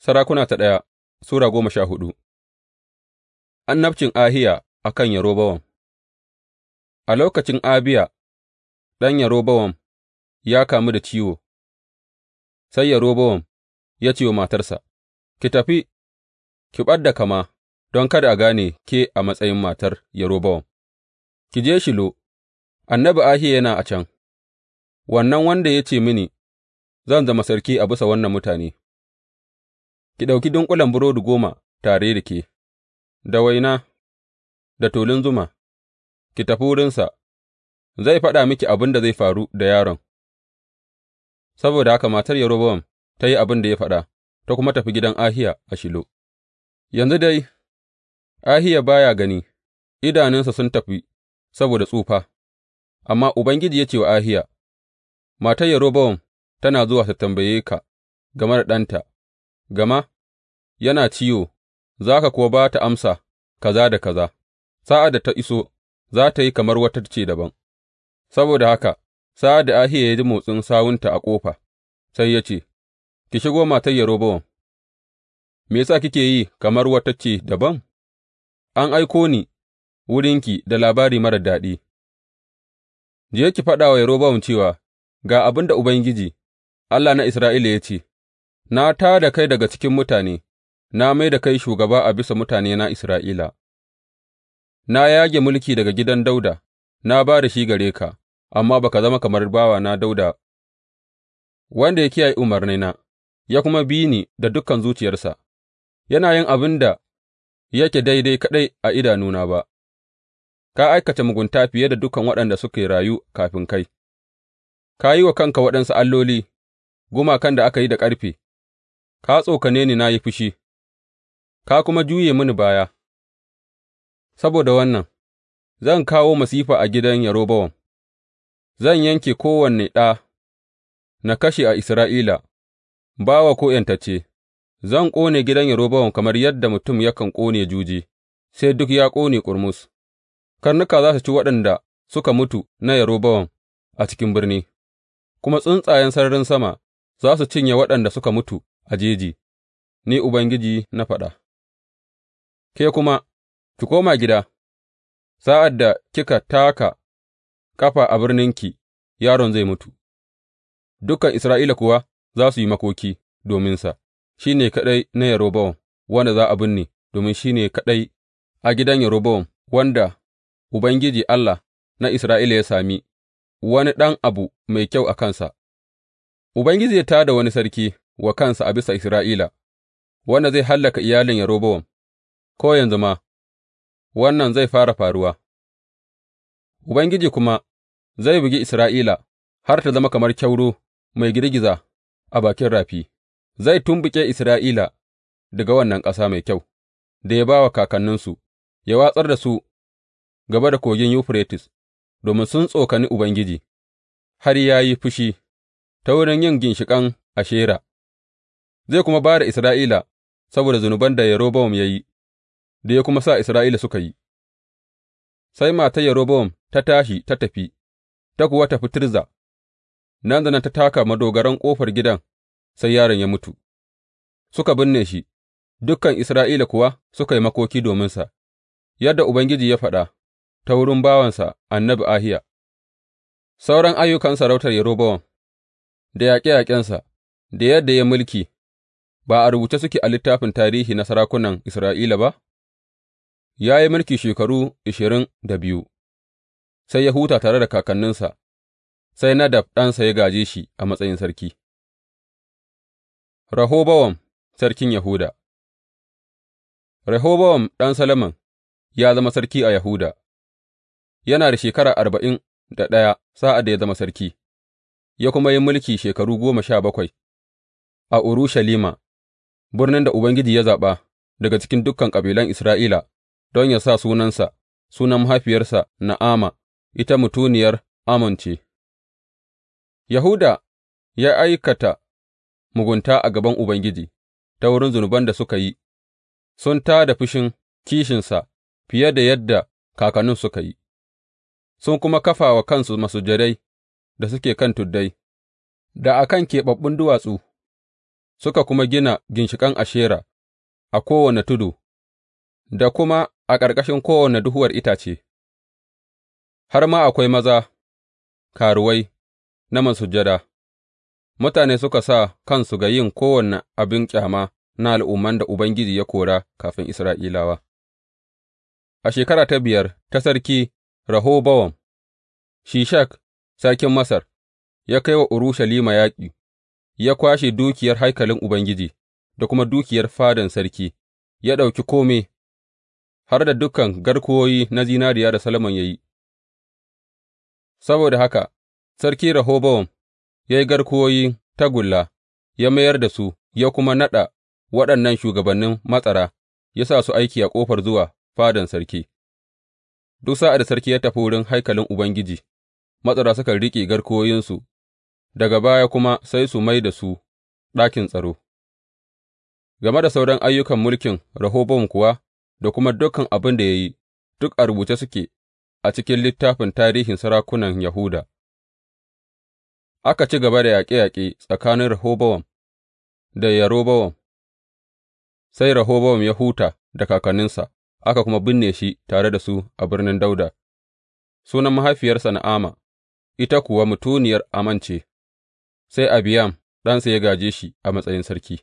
Sarakuna ta ɗaya Sura goma sha hudu Annabcin Ahiya a kan Yerobowam A lokacin Abiya ɗan Yerobowam ya kamu da ciwo, sai Yerobowam ya ce wa matarsa, Ki tafi, ki ɓad da kama don kada a gane ke a matsayin matar Yerobowam, ki je Shilo, annabi Ahiya yana a can, wannan wanda ya ce mini, Zan zama sarki a bisa wannan mutane.’ ki ɗauki dunƙulen burodi goma tare da ke, da waina, da tulun zuma, ki tafi wurinsa, zai faɗa miki abin da zai faru da yaron. Saboda haka matar Yerobowam ta yi abin da ya faɗa, ta kuma tafi gidan Ahiya a Shilo. Yanzu dai, Ahiya baya gani, idanunsa sun tafi saboda tsufa, amma Ubangiji ya ce wa Ahiya, Matar Yerobowam tana zuwa ta tambaye ka game da ɗanta. gama yana ciwo, za ka kuwa ba ta amsa kaza da kaza, sa'ad da ta iso, za tă yi kamar wata ce daban. Saboda haka, sa'ad da Ahiya ya ji motsin sawunta a ƙofa, sai ya ce, Ki shigo matar Yerobowam, me sa kike yi kamar wata ce daban? An aiko ni wurinki da labari marar daɗi. Je ki faɗa wa Yerobowam cewa, Ga abin da Ubangiji, Allah na Isra'ila ya ce. na tā da kai daga cikin mutane, na mai da kai shugaba a bisa mutanena Isra'ila, na yage mulki daga gidan Dauda, na ba da shi gare ka, amma ba ka zama kamar bawana Dauda, wanda ya kiyaye umarnaina, ya kuma bi ni da dukan zuciyarsa, yana yin abin da yake daidai kaɗai a idanuna ba, ka aikata mugunta fiye da dukan waɗanda suke rayu kafin kai, ka yi wa kanka waɗansu alloli, gumakan da aka yi da ƙarfe. Ka tsokane ni na yi fushi, ka kuma juye mini baya, saboda wannan, zan kawo masifa a gidan Yerobowam, zan yanke kowane ɗa na kashe a Isra'ila, bawa ko ’yantacce, zan ƙone gidan Yerobowam kamar yadda mutum yakan ƙone juji, sai duk ya ƙone ƙurmus, karnuka za su ci waɗanda suka mutu na Yerobowam a cikin birni, kuma tsuntsayen sararin sama za su cinye waɗanda suka mutu. a jeji, Ni Ubangiji na faɗa, ke kuma ki koma gida, sa'ad da kika taka ƙafa a birninki, yaron zai mutu, dukan Isra'ila kuwa za su yi makoki dominsa, shi ne kaɗai na Yerobowam wanda za a binne, domin shi ne kaɗai a gidan Yerobowam wanda Ubangiji Allah na Isra'ila ya sami wani ɗan abu mai kyau a kansa, Ubangiji ya tā da wani sarki. wa kansa a bisa Isra'ila, wanda zai hallaka iyalin Yerobowam, ko yanzu ma, wannan zai fara faruwa, Ubangiji kuma zai bugi Isra'ila har ta zama kamar kyauro mai girgiza a bakin rafi, zai tumbuke Isra'ila daga wannan ƙasa mai kyau da ya ba wa kakanninsu, ya watsar da su gaba da kogin Yuferites, domin sun tsokani Ubangiji, har ya yi fushi ta wurin yin ginshiƙan Ashera. zai kuma ba da Isra'ila saboda zunuban da Yerobowam ya yi, da ya kuma sa Isra'ila suka yi. Sai matar Yerobowam ta tashi ta tafi, ta kuwa tafi Tirza, nan da nan ta taka madogaran ƙofar gidan sai yaron ya mutu, suka binne shi, dukan Isra'ila kuwa suka yi makoki dominsa, yadda Ubangiji ya faɗa ta wurin bawansa annabi Ahiya. Sauran ayyukan sarautar Yerobowam, da yaƙe-yaƙensa, da yadda ya mulki ba a rubuce suke a littafin tarihi na sarakunan Isra'ila ba? Ya yi mulki shekaru ashirin da biyu, sai ya huta tare da kakanninsa, sai Nadab ɗansa ya gaje shi a matsayin sarki. rahobawan sarkin Yahuda rahobawan ɗan Salaman ya zama sarki a Yahuda, yana da shekara arba'in da ɗaya sa'ad da ya zama sarki, ya kuma yi mulki shekaru goma sha bakwai a Urushalima. birnin da Ubangiji ya zaɓa daga cikin dukan kabilan Isra'ila don yă sa sunansa, sunan mahaifiyarsa Na'ama, ita mutuniyar Ammon ce. Yahuda ya aikata mugunta a gaban Ubangiji ta wurin zunuban da suka yi, sun tā da fushin kishinsa fiye da yadda kakannin suka yi, sun kuma kafa wa kansu masujadai da suke kan tuddai, da a kan keɓaɓɓun duwatsu. suka kuma gina ginshiƙan Ashera a kowane tudu da kuma a ƙarƙashin kowane duhuwar itace, har ma akwai maza, karuwai, na masujada, mutane suka sa kansu ga yin kowane abin ƙyama na al'umman da Ubangiji ya kora kafin Isra'ilawa. A shekara ta biyar ta sarki Rehobowam, Shishak sarkin Masar ya kai wa Urushalima yaƙi. ya kwashe dukiyar haikalin Ubangiji da kuma dukiyar fadan sarki, ya ɗauki kome, har da dukan garkuwoyi na zinariya da Solomon ya yi. Saboda haka, Sarki Rehobowam ya yi garkuwoyi tagulla, ya mayar da su, ya kuma naɗa waɗannan shugabannin matsara, ya sa su aiki a ƙofar zuwa fadan sarki. Duk sa'ad da sarki ya tafi wurin haikalin Ubangiji, matsara suka riƙe garkuwoyinsu daga baya kuma sai su mai da su ɗakin tsaro, game da sauran ayyukan mulkin Rehobowam kuwa da kuma dukan abin da ya yi, duk a rubuce suke a cikin littafin tarihin sarakunan Yahuda. Aka ci gaba da yaƙe-yaƙe tsakanin Rehobowam da Yerobowam, sai Rehobowam ya huta da kakanninsa, aka kuma binne shi tare da su a birnin Dauda. Sunan mahaifiyarsa Na'ama, ita kuwa mutuniyar amance. sai Abiyam ɗansa ya gāje shi a matsayin sarki.